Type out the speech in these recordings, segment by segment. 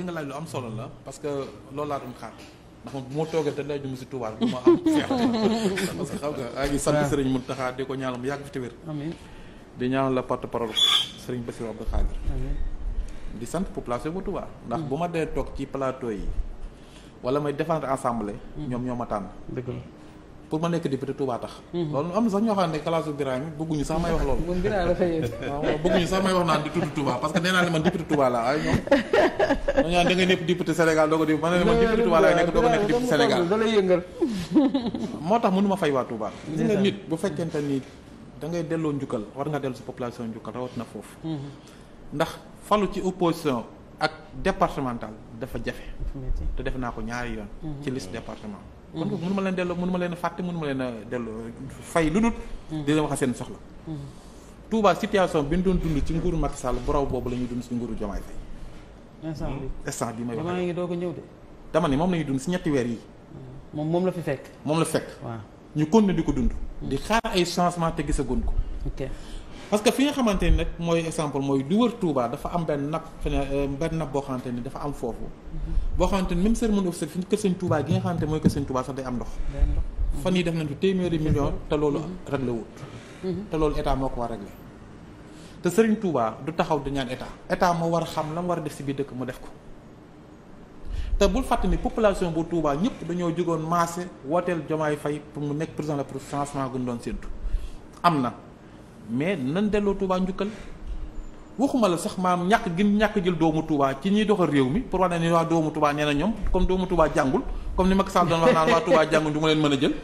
li nga laaj lu am solo la parce que loolu laa doon xaar ndax moom bu ma toogee te laaj ñu si tubaab bi ma am feex parce que xam nga aa ngi sant sëriñ Mountakha di ko ñaanal mu yàgg fi te wér di ñaanal la porte parole sëriñ Bassirou Abdou Khadir di sant population bu Touba ndax mm. bu ma dee toog ci plateau yi wala may défendre assemblée mm. ñoom ñoo ma tànn pour ma nekk député Touba tax. Mhm. loolu am na sax ñoo xam ne classe bu bëgguñu sax may wax loolu. moom Birame la fay bëgguñu sax may wax naan di tudd Touba parce que nee naa ne man député Touba laa ay ñoom. da nga nekk député Sénégal doo ko déglu ma ne moo tax mënuma fay waa Touba. gis nga nit bu fekkente ni da delloo njukkal war nga dellu si population njukkal rawat na foofu. Mhm. ndax falu ci opposition ak départemental dafa jafe. te def naa ko ñaari yoon. Mhm. ci liste département man boog mënu ma leen delloo mënu leen fàtte mënu ma leen a delloo fay lu dul. Mm. di leen wax seen soxla. Mm. Touba situation bi ñu doon dund ci nguuru Macky Sall bu raw boobu la ñuy dund si nguuru Diomaye Faye. instant bi mm. instant bi may wax ngi doog a ñëw de. dama ne moom la ñuy dund si ñetti weer yi moom moom la fi fekk. moom la fekk. waaw ñu na di ko dund. di xaar ay changement te gisagoon ko. parce que fi nga xamante ni nag mooy exemple mooy du wër Touba dafa am benn napp euh, benn napp boo xamante ni dafa am foofu mhm. boo xamante ni même cérémonie officielle fi ñu kër nga xamante mooy kër sëñ Touba sax day am ndox mhm. fan yi def nañ fi téeméeri million te loolu mhm. réglé wut te loolu état moo ko war réglé te sëriñ Touba du taxaw di ñaan état état moo war a xam la mu war a def si biir dëkk mu def ko te bul fàtte ni population bu Touba ñëpp dañoo jógoon maase wooteel Diomaye Faye pour mu nekk président la pour changement doon séntu am na mais nan delloo Touba njukkal waxuma la sax maam ñàkk gin ñàkk jël doomu Touba ci ñuy doxal réew mi pour wax ne ni waa doomu Touba nee na ñoom comme doomu Touba jàngul comme ni Macky Sall doon wax naan waa Touba jàngul leen mën a jël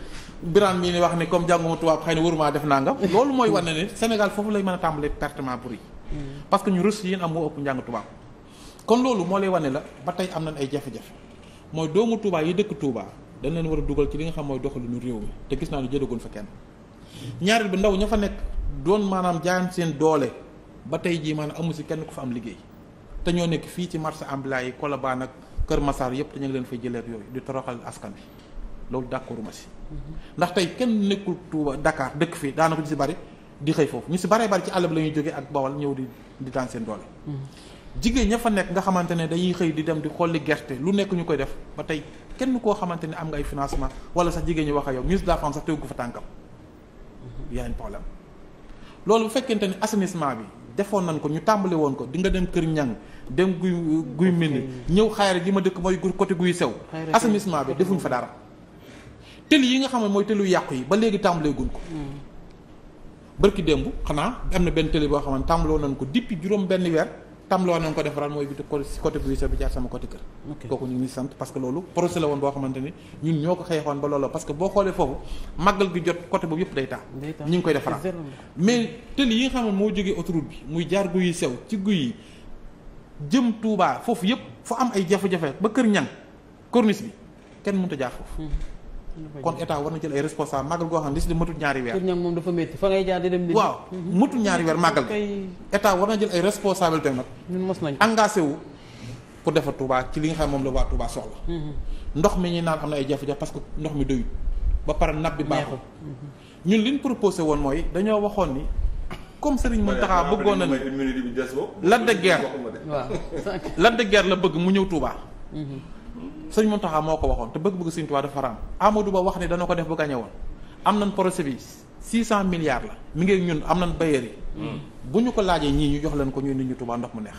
Birane mii ni wax ni comme jànguma Touba xëy na waruma def nangam loolu mooy wane ne Sénégal foofu lay mën a tàmbalee pertement pour yi parce que ñu rës yéen am moo ëpp njàng Touba kon loolu moo lay wane la ba tey am nañ ay jafe-jafe mooy doomu Touba yi dëkk tuubaa dañ leen war a dugal ci li nga xam mooy doxalinu réew mi te gis naa ne jëlagoon fa kenn ñaareel bi ndaw ña fa nekk doon maanaam jaayam seen doole ba tey jii maanaam amu si kenn ku fa am liggéey te ñoo nekk fii ci marché ambulant yi Colobane ak Kër masaar yëpp te ñu leen fay jëlee ak di toroxal askan bi loolu d'accorduma si ndax kenn nekkul Touba Dakar dëkk fii daanaka ñu si bari di xëy foofu ñu si bare bari ci àll bi la ñuy jógee ak bawal ñëw di di daan seen doole jigéen ña fa nekk nga xamante ne dañuy xëy di dem di xolli gerte lu nekk ñu koy def ba tey kenn koo xamante ne am nga ay financement wala sax jigéen ñi wax ak yow ministre de la femme sax tegu fa tànkam loolu bu fekkente ni assainissement bi defoon nañ ko ñu tàmbali woon ko di nga dem Kër Ñang dem guy guy mindi ñëw xayri gi ma dëkk mooy côté guy sew assainissement bi defuñ fa dara tëli yi nga xam ne mooy tëlu yàqu yi ba léegi tàmbalee guñ ko hmm. bërki démb xanaa am na benn tëli boo xam ne tàmbalee woon nañ ko depuis juróom benn weer tamloo nañ ko defaraat mooy bi si côté policier bi jaar sama côté kër kooku ñu ngi sant parce que loolu procès la woon boo xamante ni ñun ñoo ko xeexoon ba loolu parce boo xoolee foofu màggal gi jot côté boobu yëpp day taa ñu ngi koy defaraat mais tëli yi nga xam ne moo jógee autoroute bi muy jaar guy yi sew ci guy jëm tuubaa foofu yëpp fu am ay jafe-jafe ba kër ñang corniche bi kenn mënut a jaar foofu mhm. kon état war na jël ay responsable màggal goo xam ne li si matul ñaari weer. ñoom moom dafa métti fa ngay jaar di dem. waaw matul ñaari weer màggal état war na jël ay responsabilité nag. ñun mos nañu engagé wu pour defar Touba ci li nga xam moom la waa Touba soxla. Mhm. ndox mi ñuy naan am na ay jafe-jafe parce que ndox mi doyut ba pare napp bi baaxul. ñu li ñu proposé woon mooy dañoo waxoon ni. comme Serigne taxaa bëggoon na ni Lac de Guiers Lac de Guiers la bëgg mu ñëw Touba. Mhm. sëñ Mountakha moo ko waxoon te bëgg-bëgg sëñ Tuubaa dafa raam Amadou Ba wax ne dana ko def bu gagné woon am nañ projet bi 600 milliards la mi ngi ñun am nañ bailleur yi. Hmm. bu ñu ko laajee ñii ñu jox leen ko ñuy nit ñu Touba ndox mu neex.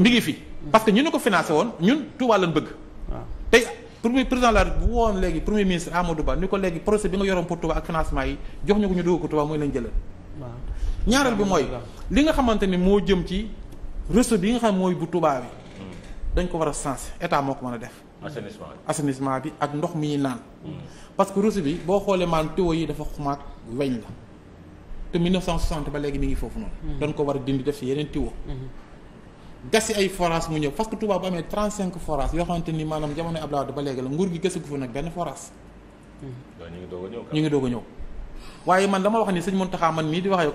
ok fi parce que ñu ñu ko financé woon ñun Touba lañ bëgg. Ah. tey premier premier ministre Amadou Ba ni ko léegi projet bi nga yoroon pour Touba ak financement yi jox ñu ko ñu dugg ko Touba mooy lañ jëlal. Ah. ñaareel bi ah. moo jëm bi nga xam mooy dañ ko war a sens état moo ko mën a def. assainissement bi ak ndox mi naan. Hmm. parce que bi boo xoolee maanaam tuyaux yi dafa xumaat weñ la te 1960 ba léegi mi ngi foofu noonu. Hmm. dañ ko war a dindi def si yeneen tuyaux. Hmm. gasi ay forage mu ñëw parce que Touba bu amee 35 forage yoo xamante ni maanaam jamono Abdoulaye Wade ba léegi la nguur gi gësagu fa nag benn forage. ñu ngi doog a ñëw waaye man dama wax ni sëñ Mountakha man mii di wax yow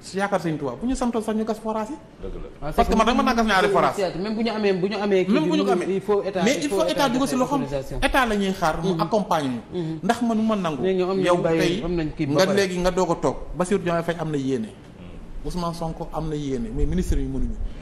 si yaakaar sëñ Tuubaa bu ñu santoon sax ñu gas forage yi. dëgg la ah, parce man rek mën naa gas ñaari forage même bu ñu amee bu ñu amee. même bu ñu amee il il faut état dugal si loxoom état la ñuy xaar mu mm-hmm. accompagne ñu. Mm-hmm. ndax man mu ma nangu. yow tey nga léegi nga doog a toog Bassirou Diomaye Faye am na yéene mm. Ousmane Sonko am na yéene mais ministre yi mënuñu